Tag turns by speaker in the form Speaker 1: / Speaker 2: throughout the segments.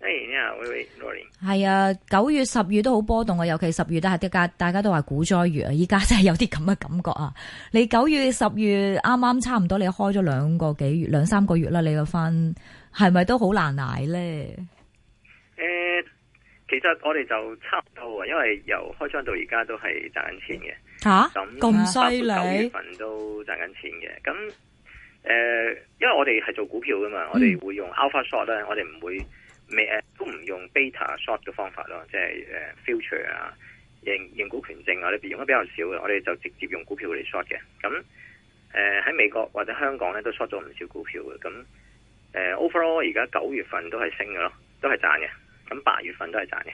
Speaker 1: 係、hey,
Speaker 2: yeah，
Speaker 1: 啊，九月十月都好波動啊，尤其十月都係啲家，大家都話股災月啊，依家真係有啲咁嘅感覺啊！你九月十月啱啱差唔多，你開咗兩個幾月兩三個月啦，你個分係咪都好難挨咧？
Speaker 2: 誒，其實我哋就差唔多啊，因為由開張到而家都係賺緊錢嘅
Speaker 1: 吓，咁咁犀利，九月
Speaker 2: 份都賺緊錢嘅。咁誒、呃，因為我哋係做股票噶嘛，我哋會用 alpha shot 咧、嗯，我哋唔會。未誒都唔用 beta short 嘅方法咯，即係 future 啊、認認股權證啊，呢邊用得比較少嘅。我哋就直接用股票嚟 short 嘅。咁誒喺美國或者香港咧都 short 咗唔少股票嘅。咁誒 overall 而家九月份都係升嘅咯，都係賺嘅。咁八月份都係賺嘅。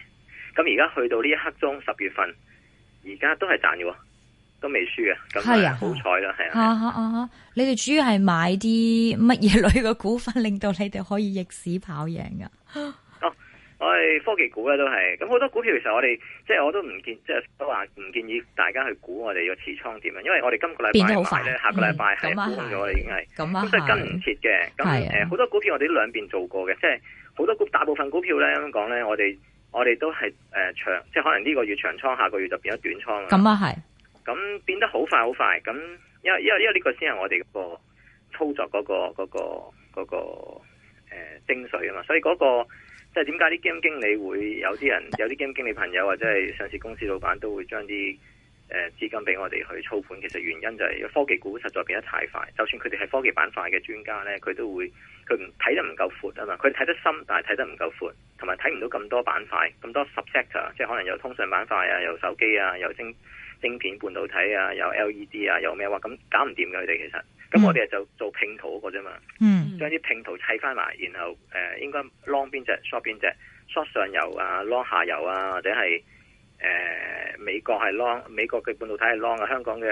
Speaker 2: 咁而家去到呢一刻鐘，十月份，而家都係賺嘅喎。都未輸啊，咁啊好彩啦，係啊，
Speaker 1: 啊。啊，啊你哋主要係買啲乜嘢類嘅股份，令到你哋可以逆市跑贏噶？
Speaker 2: 哦、啊，我係科技股咧，都係咁好多股票。其實我哋即係我都唔建，即係都話唔建議大家去估我哋個持倉點啊。因為我哋今個禮拜變得好快
Speaker 1: 咧，下個禮拜係崩咗啦，已經係咁啊，即係，嗯嗯
Speaker 2: 嗯，跟唔切嘅。咁誒，嗯嗯，好多股票我哋都兩邊做過嘅，即係好多股票，大部分股票咧，咁講咧，我哋我哋都係誒、呃、長，即係可能呢個月長倉，下個月就變咗短倉咁啊係。咁變得好快,快，好快咁，因為因為因為呢個先係我哋個操作嗰個嗰個嗰個誒精髓啊嘛。所以嗰個即係點解啲基金經理會有啲人有啲基金經理朋友或者係上市公司老闆都會將啲誒資金俾我哋去操盤。其實原因就係科技股實在變得太快，就算佢哋係科技板塊嘅專家呢，佢都會佢唔睇得唔夠闊啊嘛。佢睇得深，但係睇得唔夠闊，同埋睇唔到咁多板塊咁多 sector 即係可能有通訊板塊啊，有手機啊，有星。芯片、半導體啊，有 LED 啊，有咩話咁搞唔掂嘅？佢哋，其實咁我哋就做拼圖嗰個啫嘛，將、嗯、啲拼圖砌翻埋，然後誒、呃、應該 long 邊隻，short 邊隻，short 上游啊，long 下游啊，或者係。誒、呃，美國係 long，美國嘅半導體係 long 的、呃、是啊，香港嘅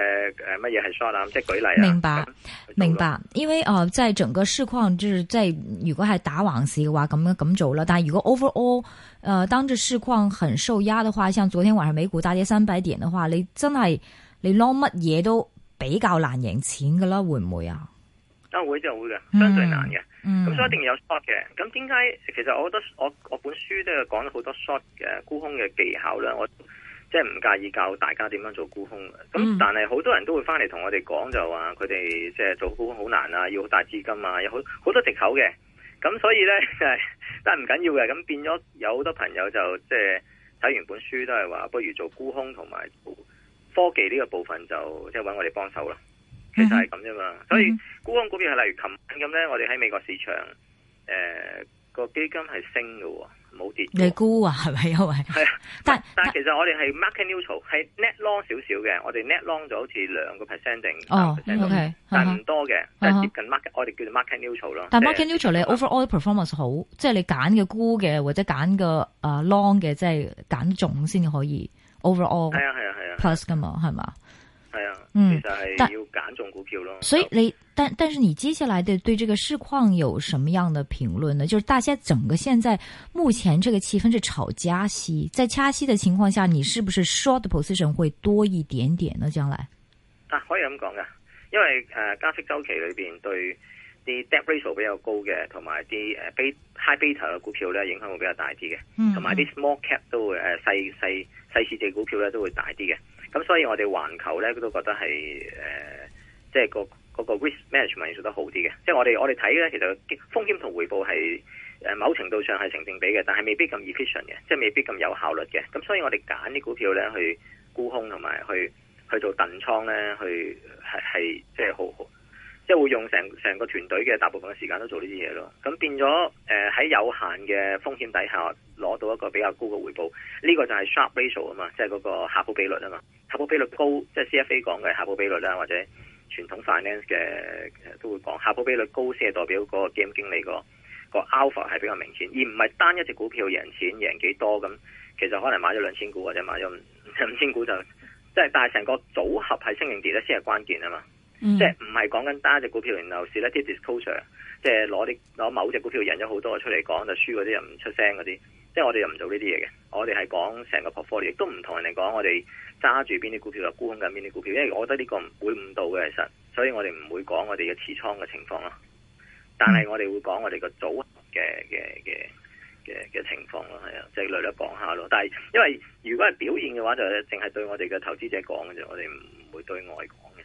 Speaker 2: 誒乜嘢係 short 啊，即係舉例啊。明
Speaker 1: 白，嗯、明白，因為、呃、在整個市況，就是在如果係打橫市嘅話，咁咁做啦，但係如果 overall，誒、呃，當住市況很受壓的話，像昨天晚上美股大跌三百點嘅話，你真係你 long 乜嘢都比較難贏錢噶啦，會唔會啊？
Speaker 2: 都會就會嘅，相對難嘅，咁、mm. mm. 嗯、所以一定要有 short 嘅。咁點解？其實我覺得我我本書都有講咗好多 short 嘅沽空嘅技巧啦。我即係唔介意教大家點樣做沽空嘅。咁但係好多人都會翻嚟同我哋講就話佢哋即係做沽空好難啊，要好大資金啊，有好好多藉口嘅。咁所以咧係，但係唔緊要嘅。咁變咗有好多朋友就即係睇完本書都係話，不如做沽空同埋科技呢個部分就即係搵我哋幫手啦。其實係咁啫嘛，所以沽空股票係例如琴晚咁咧，我哋喺美國市場，誒個基金係升嘅，冇
Speaker 1: 跌。你沽啊，係咪？係係
Speaker 2: 啊，但但其實我哋係 market neutral，係 net long 少少嘅，我哋 net long 咗好似兩個 percent 定三 percent 咁，但唔多嘅，即係接近 market。我哋叫做 market neutral 咯。但 market
Speaker 1: neutral 你 overall performance 好，即係你揀嘅沽嘅或者揀個啊 long 嘅，即係揀重先可以 overall 係啊係啊係啊，plus 噶嘛，係嘛？
Speaker 2: 係、嗯、啊，嗯，其實係要揀中股票咯。所以你
Speaker 1: 但，但是你接下來對對這個市況有什麼樣的評論呢？就是大家整個現在目前這個氣氛是炒加息，在加息的情況下，你是不是 short position 會多一點點呢？將、嗯、來，
Speaker 2: 啊可以咁講噶，因為誒、呃、加息周期裏邊對啲 debt ratio 比較高嘅，同埋啲誒 high beta 嘅股票咧影響會比較大啲嘅，同埋啲 small cap 都會誒細細細市值股票咧都會大啲嘅。咁所以我哋環球咧，佢都覺得係誒，即、呃、係、就是那個嗰、那個 risk management 做得好啲嘅。即、就、係、是、我哋我哋睇咧，其實風險同回報係、呃、某程度上係成正比嘅，但係未必咁 efficient 嘅，即、就、係、是、未必咁有效率嘅。咁所以我哋揀啲股票咧去沽空同埋去去做燉倉咧，去係即係好好，即、就、係、是、會用成成個團隊嘅大部分嘅時間都做呢啲嘢咯。咁變咗喺、呃、有限嘅風險底下攞到一個比較高嘅回報，呢、這個就係 sharp ratio 啊嘛，即係嗰個夏普比率啊嘛。夏普比率高，即、就、係、是、CFA 講嘅夏普比率啦，或者傳統 finance 嘅都會講夏普比率高先係代表記不記不記、這個基金經理個個 alpha 係比較明顯，而唔係單一隻股票贏錢贏幾多咁，其實可能買咗兩千股或者買咗五千股就即係，但係成個組合係升定跌咧先係關鍵啊嘛，嗯、即係唔係講緊單一隻股票連牛市咧啲 disclosure 即係攞啲攞某隻股票贏咗好多出嚟講就輸嗰啲又唔出聲嗰啲。即係我哋又唔做呢啲嘢嘅，我哋係講成個 portfolio，亦都唔同人哋講。我哋揸住邊啲股票就沽空緊邊啲股票，因為我覺得呢個唔會誤導嘅，其實，所以我哋唔會講我哋嘅持倉嘅情況咯。但係我哋會講我哋個組合嘅嘅嘅嘅嘅情況咯，係啊，即係略略講下咯。但係因為如果係表現嘅話，就淨係對我哋嘅投資者講嘅啫，我哋唔會對外講嘅。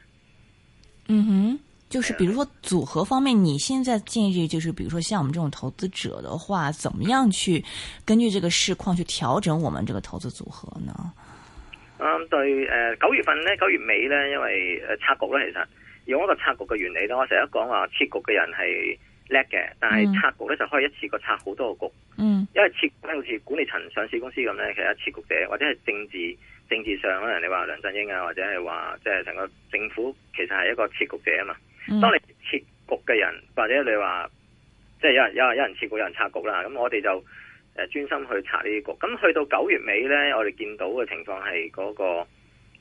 Speaker 2: 嗯
Speaker 3: 哼。就是，比如說組合方面，你現在建議就是，比如說像我們這種投資者的話，怎麼樣去根據這個市況去調整我們這個投資組合呢？
Speaker 2: 啊、嗯，對，誒、呃，九月份咧，九月尾咧，因為誒拆、呃、局咧，其實用一個拆局嘅原理咧，我成日講話設局嘅人係叻嘅，但係拆局咧、嗯、就可以一次過拆好多個局。嗯，因為設局咧好似管理層上市公司咁咧，其實設局者或者係政治政治上咧，你話梁振英啊，或者係話即係成個政府，其實係一個設局者啊嘛。嗯、當你設局嘅人，或者你話即係有人、有人、有人設局，有人拆局啦。咁我哋就誒專心去拆呢啲局。咁去到九月尾呢，我哋見到嘅情況係嗰個誒佔、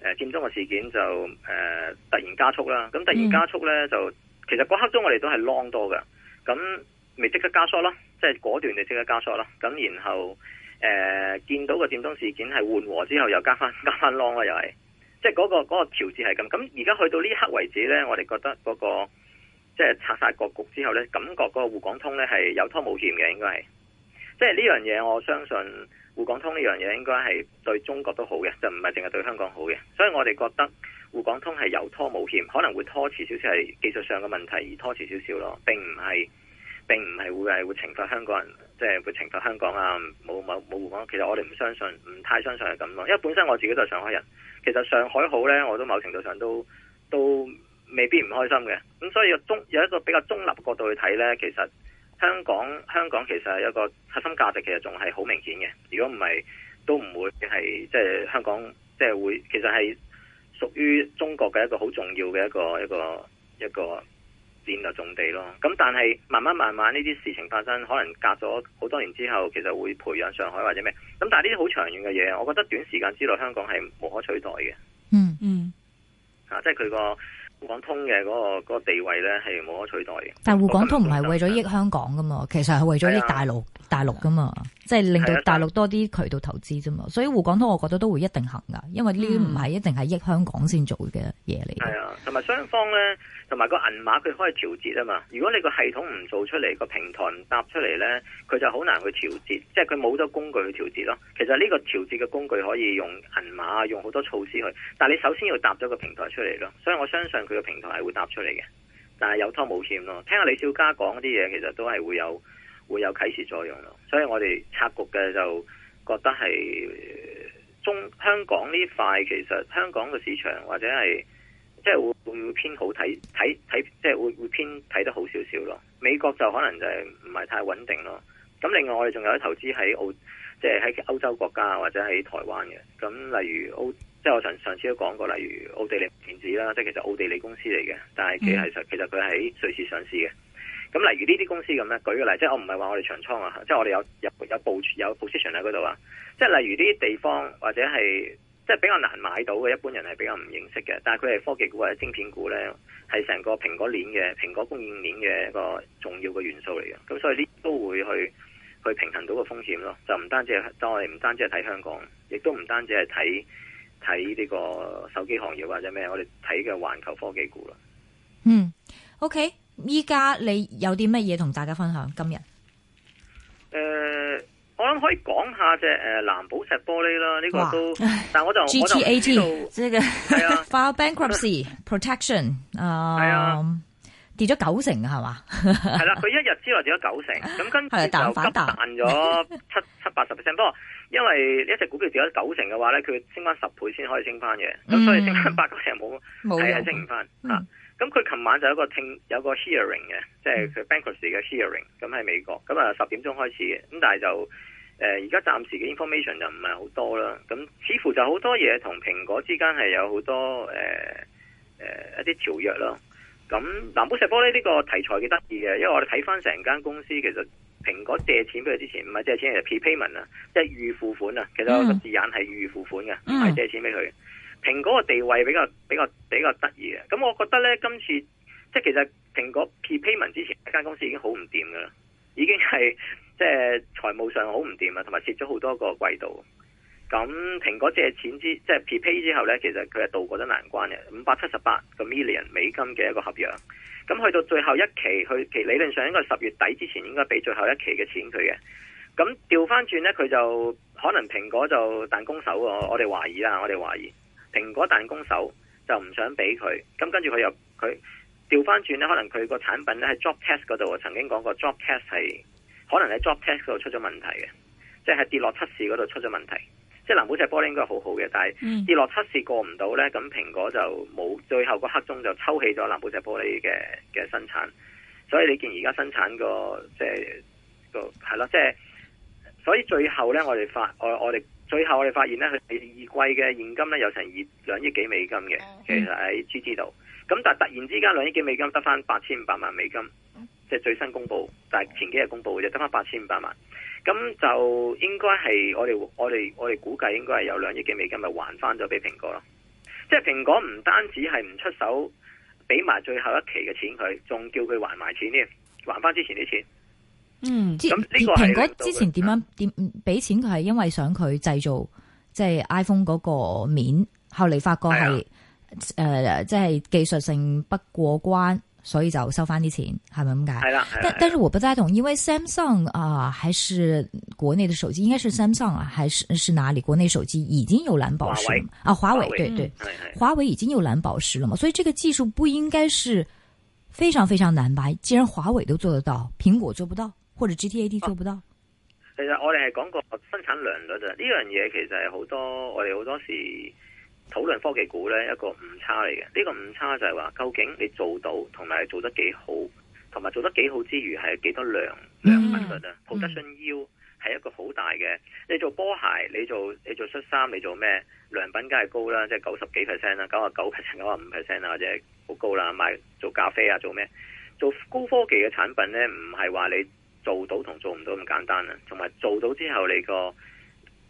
Speaker 2: 呃、中嘅事件就誒、呃、突然加速啦。咁突然加速呢，就其實嗰刻中我哋都係 long 多嘅，咁未即刻加速咯，即係果斷地即刻加速咯。咁然後誒、呃、見到個佔中事件係緩和之後，又加翻加翻 long 啦，又係。即係、那、嗰個嗰、嗰個調節係咁，咁而家去到呢刻為止呢，我哋覺得嗰、嗰個即係拆曬國局之後呢，感覺嗰個滬港通呢係有拖冇欠嘅，應該係。即係呢樣嘢，我相信滬港通呢樣嘢應該係對中國都好嘅，就唔係淨係對香港好嘅。所以我哋覺得滬港通係有拖冇欠，可能會拖遲少少係技術上嘅問題而拖遲少少咯，並唔係並唔係會係會懲罰香港人。即係會懲罰香港啊！冇冇冇互幫，其實我哋唔相信，唔太相信係咁咯。因為本身我自己都係上海人，其實上海好呢，我都某程度上都都未必唔開心嘅。咁所以有中有一個比較中立嘅角度去睇呢，其實香港香港其實係一個核心價值，其實仲係好明顯嘅。如果唔係，都唔會係即係香港即係會，其實係屬於中國嘅一個好重要嘅一個一個一個。一個一個佔就種地咯，咁但係慢慢慢慢呢啲事情發生，可能隔咗好多年之後，其實會培養上海或者咩？咁但係呢啲好長遠嘅嘢，我覺得短時間之內香港係無可取代嘅。嗯嗯，嚇、啊，即係佢、嗰個滬港通嘅嗰、嗰個嗰個地位咧係無可取代嘅。但係滬港
Speaker 1: 通唔係為咗益香港噶嘛係，其實係為咗益大陸的大陸噶嘛，即、就、係、是、令到大陸多啲渠道投資啫嘛。所以滬港通我覺得都會一定行噶，因為呢啲唔係一定係益香港先做嘅嘢嚟。係
Speaker 2: 啊，同埋雙方咧。嗯同埋個銀碼佢可以調節啊嘛！如果你個系統唔做出嚟，個平台唔搭出嚟呢，佢就好難去調節，即係佢冇咗工具去調節咯。其實呢個調節嘅工具可以用銀碼，用好多措施去。但係你首先要搭咗個平台出嚟咯。所以我相信佢個平台係會搭出嚟嘅，但係有拖冇欠咯。聽下李少佳講啲嘢，其實都係會有會有啟示作用咯。所以我哋拆局嘅就覺得係中香港呢塊其實香港嘅市場或者係。即係會會唔會偏好睇睇睇，即係會會偏睇得好少少咯。美國就可能就係唔係太穩定咯。咁另外我哋仲有啲投資喺澳，即係喺歐洲國家或者喺台灣嘅。咁例如澳，即係我上上次都講過，例如奧地利電子啦,即係其實奧地利公司嚟嘅，但係佢實其實佢喺、嗯、瑞士上市嘅。咁例如呢啲公司咁咧，舉個例，即係我唔係話我哋長倉啊，即係我哋有入有報有，有 position 喺嗰度啊。即係例如呢啲地方或者係。即係比較難買到嘅，一般人係比較唔認識嘅。但係佢係科技股或者晶片股咧，係成個蘋果鏈嘅、蘋果供應鏈嘅一個重要嘅元素嚟嘅。咁所以呢都會去去平衡到個風險咯。就唔單止係，就我哋唔單止係睇香港，亦都唔單止係睇睇呢個手機行業或者咩，我哋睇嘅環球科技股啦。嗯
Speaker 1: ，OK，依家你有啲乜嘢同大家分享今日？
Speaker 2: 誒、呃。可以講下隻誒、呃、藍寶石玻璃啦，呢、這個都，但係我就 G-T-A-T，我就做
Speaker 1: 呢、這個 file bankruptcy protection 啊，係 啊，跌咗九成係嘛？係啦，
Speaker 2: 佢、 啊、一日之內跌咗九成，咁跟住又急彈咗七 七,七八十 percent。不過因為一隻股票跌咗九成嘅話咧，佢升翻十倍先可以升翻嘅，
Speaker 1: 咁、嗯、所以升翻八九成冇，係啊，升唔翻啊。
Speaker 2: 咁佢琴晚就有一個聽有一個 hearing 嘅，即係佢 bankruptcy 嘅 hearing，咁喺美國，咁啊十點鐘開始嘅，咁但係就。誒、呃，而家暫時嘅 information 就唔係好多啦。咁似乎就好多嘢同蘋果之間係有好多誒誒、呃呃、一啲條約啦。咁藍寶石玻璃呢、這個題材幾得意嘅，因為我哋睇翻成間公司，其實蘋果借錢俾佢之前唔係借錢嚟、就是、pre-payment 啊，即係預付款啊。其實有個字眼係預付款嘅，唔係、mm. 借錢俾佢。蘋果個地位比較比較比較得意嘅。咁我覺得咧今次即係其實蘋果 pre-payment 之前，一間公司已經好唔掂噶啦，已經係。即係財務上好唔掂啊，同埋蝕咗好多個季度。咁蘋果借錢之即係 prepay 之後呢，其實佢係度過咗難關嘅五百七十八個 million 美金嘅一個合約。咁去到最後一期，佢其理論上應該十月底之前應該俾最後一期嘅錢佢嘅。咁調翻轉呢，佢就可能蘋果就彈弓手喎。我哋懷疑啦，我哋懷疑蘋果彈弓手就唔想俾佢。咁跟住佢又佢調翻轉呢，可能佢個產品咧喺 drop test 嗰度曾經講過 drop test 係。可能喺 drop test 嗰度出咗問題嘅，即係跌落測試嗰度出咗問題。即係藍寶石玻璃應該好好嘅，但係跌落測試過唔到呢，咁蘋果就冇最後個刻鐘就抽起咗藍寶石玻璃嘅嘅生產。所以你見而家生產個即係個係咯，即係所以最後呢，我哋發我我哋最後我哋發現呢，佢二季嘅現金呢，有成二兩億幾美金嘅，其實喺 GDP 度。咁但係突然之間兩億幾美金得翻八千五百萬美金。即係最新公布，但係前幾日公布嘅，得翻八千五百萬，咁就應該係我哋我哋我哋估計應該係有兩億幾美金，咪還翻咗俾蘋果咯。即係蘋果唔單止係唔出手俾埋最後一期嘅錢佢，仲叫佢還埋錢添，還翻之前啲錢。嗯，
Speaker 1: 咁蘋果之前點樣點俾錢？佢係因為想佢製造即係、就是、iPhone 嗰個面，後嚟發覺係誒，即係、啊呃就是、技術性不過關。.所以就收翻啲錢係咪咁解？係啦，但是是但是我不太懂，因為 Samsung 啊、呃，還是國內的手機，應該是 Samsung 啊，還是是哪裏？國內手機已經有藍寶石了啊，華為，華為，對對、嗯，華為已經有藍寶石了嘛？所以這個技術不應該是非常非常難吧？既然華為都做得到，蘋果做不到，或者 GTA D 做不到。
Speaker 2: 其實我哋係講過生產量率咋？呢樣嘢其實係好多我哋好多時。討論科技股咧一個誤差嚟嘅，呢、這個誤差就係話究竟你做到同埋做得幾好，同埋做得幾好之餘係幾多良量，量品噶啦？Production yield 係一個好大嘅，你做波鞋，你做你做恤衫，你做咩良品梗係高啦，即係九十幾 percent 啦，九啊九 percent，九啊五 percent 啊，或者好高啦。賣做咖啡啊，做咩做高科技嘅產品咧？唔係話你做到同做唔到咁簡單啊，同埋做到之後你個。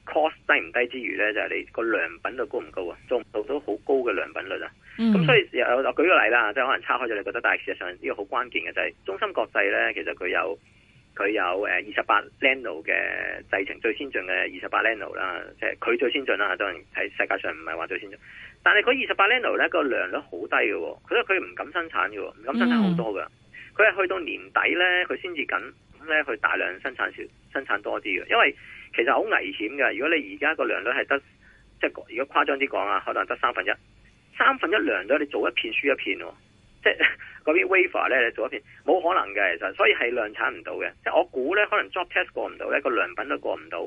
Speaker 2: cost 低唔低之餘呢，就係、是、你個良品率高唔高啊？做唔做到好高嘅良品率啊？咁、嗯、所以我舉個例啦，即、就是、可能差開咗，你覺得，但係事實上呢個好關鍵嘅就係、是、中芯國際呢，其實佢有佢有誒二十八 nano 嘅製程最先進嘅二十八 nano 啦，即係佢最先進啦，當然喺世界上唔係話最先進，但係佢二十八 nano 呢，個良率好低嘅，佢都為佢唔敢生產嘅，唔敢生產好多嘅，佢、嗯、係去到年底呢，佢先至敢呢去大量生產少生產多啲嘅，因為。其實好危險嘅。如果你而家個量率係得，即係，如果誇張啲講啊，可能得三分一，三分一量咗，你做一片輸一片，即係嗰啲 wafer 咧，你做一片冇可能嘅。其實所以係量產唔到嘅。即係我估咧，可能 drop test 過唔到咧，個良品都過唔到，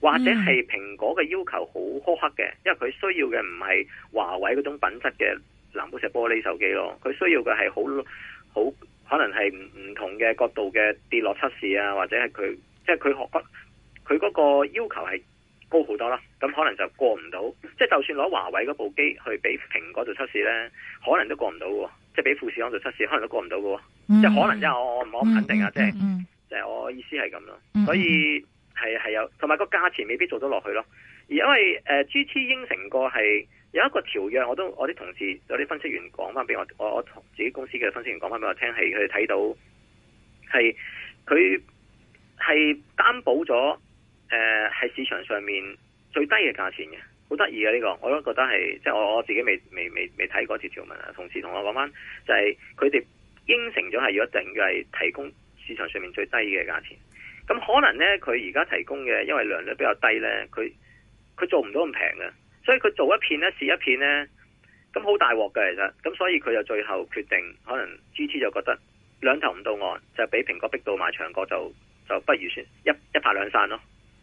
Speaker 2: 或者係蘋果嘅要求好苛刻嘅，因為佢需要嘅唔係華為嗰種品質嘅藍寶石玻璃手機咯，佢需要嘅係好好可能係唔唔同嘅角度嘅跌落測試啊，或者係佢即係佢學佢嗰個要求係高好多啦，咁可能就過唔到，即係就算攞華為嗰部機去俾蘋果度測試咧，可能都過唔到嘅，即係俾富士康度測試，可能都過唔到嘅，即係可能，mm-hmm. 我我唔好肯定啊，即係即係，mm-hmm. 我意思係咁咯，所以係係有，同埋個價錢未必做得落去咯，而因為 G T 應承過係有一個條約，我都我啲同事有啲分析員講翻俾我，我我同自己公司嘅分析員講翻俾我聽，係佢哋睇到係佢係擔保咗。誒、呃，喺市場上面最低嘅價錢嘅，好得意嘅，呢個，我都覺得係，即係我我自己未未未睇過條條文啊。同事同我講返，就係佢哋應承咗係要一定嘅係提供市場上面最低嘅價錢。咁可能呢，佢而家提供嘅，因為良率比較低呢，佢佢做唔到咁平嘅，所以佢做一片呢，試一片呢，咁好大鑊嘅其實。咁所以佢就最後決定，可能 GT 就覺得兩頭唔到岸，就俾蘋果逼到埋牆角就就不如算一一拍兩散咯。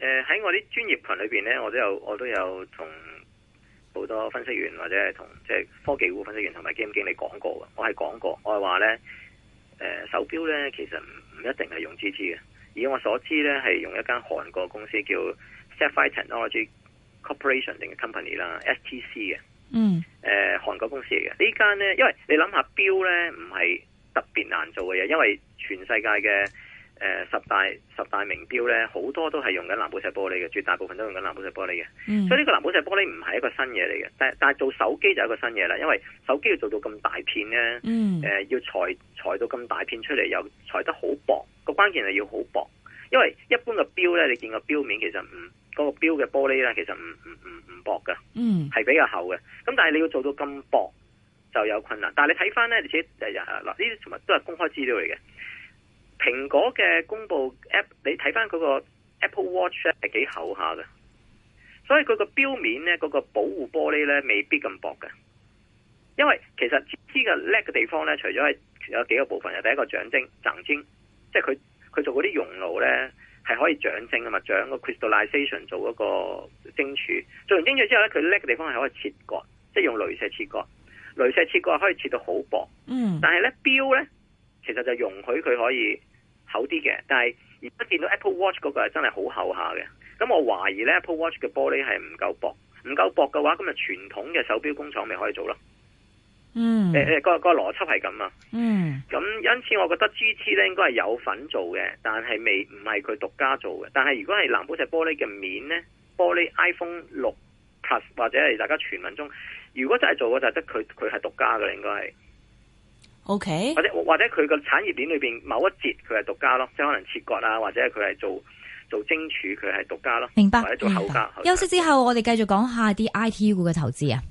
Speaker 2: 誒，喺我啲專業群裏邊咧，我都有我都有同好多分析員或者係同即係科技股分析員同埋基金經理講過嘅。我係講過，我係話咧，誒、呃、手表咧其實唔唔一定係用 GT 嘅。以我所知咧係用一間韓國公司叫 Sever Technology Corporation 定嘅 company 啦，STC 嘅。嗯。誒、呃，韓國公司嚟嘅，呢間咧，因為你諗下表咧唔係特別難做嘅嘢，因為全世界嘅。誒，十大十大名表咧，好多都係用緊藍寶石玻璃嘅，絕大部分都用緊藍寶石玻璃嘅、嗯。所以呢個藍寶石玻璃唔係一個新嘢嚟嘅，但係但係做手機就係一個新嘢啦，因為手機要做到咁大片咧，誒、嗯呃、要裁裁到咁大片出嚟，又裁得好薄，個關鍵係要好薄。因為一般個表咧，你見個表面其實唔，嗰、那個表嘅玻璃咧，其實唔唔唔唔薄嘅，係、嗯、比較厚嘅。咁但係你要做到咁薄就有困難。但係你睇翻咧，而且誒誒嗱，呢啲同埋都係公開資料嚟嘅。蘋果嘅公布 app，你睇翻佢個 Apple Watch 係幾厚下嘅，所以佢個表面咧，嗰個保護玻璃咧，未必咁薄嘅。因為其實呢個嘅叻嘅地方咧，除咗係有幾個部分，有第一個長晶，長晶，即係佢佢做嗰啲熔爐咧係可以長晶啊嘛，長個 crystallization 做一個晶柱。做完晶柱之後咧，佢叻嘅地方係可以切割，即係用鐳射切割，鐳射切割可以切到好薄。嗯，但係咧錶咧，其實就容許佢可以。厚啲嘅，但係而家見到 Apple Watch 嗰個係真係好厚下嘅，咁我懷疑呢 Apple Watch 嘅玻璃係唔夠薄，唔夠薄嘅話，咁咪傳統嘅手錶工廠咪可以做咯。嗯，欸嗰個、嗰個邏輯係咁啊。嗯，咁因此我覺得 GT 咧應該係有份做嘅，但係未唔係佢獨家做嘅。但係如果係藍寶石玻璃嘅面呢，玻璃 iPhone 六 Plus 或者係大家傳聞中，如果真係做嘅就得係佢，佢係獨家嘅應該係。O、okay. K，或者或者佢個產業鏈裏邊某一節佢係獨家咯，即係可能切割啊，或者佢係做做精儲佢係獨家咯，明白，或者做後家，明白，後家。休息之
Speaker 1: 後我哋繼續講下啲 IT 股嘅投資啊。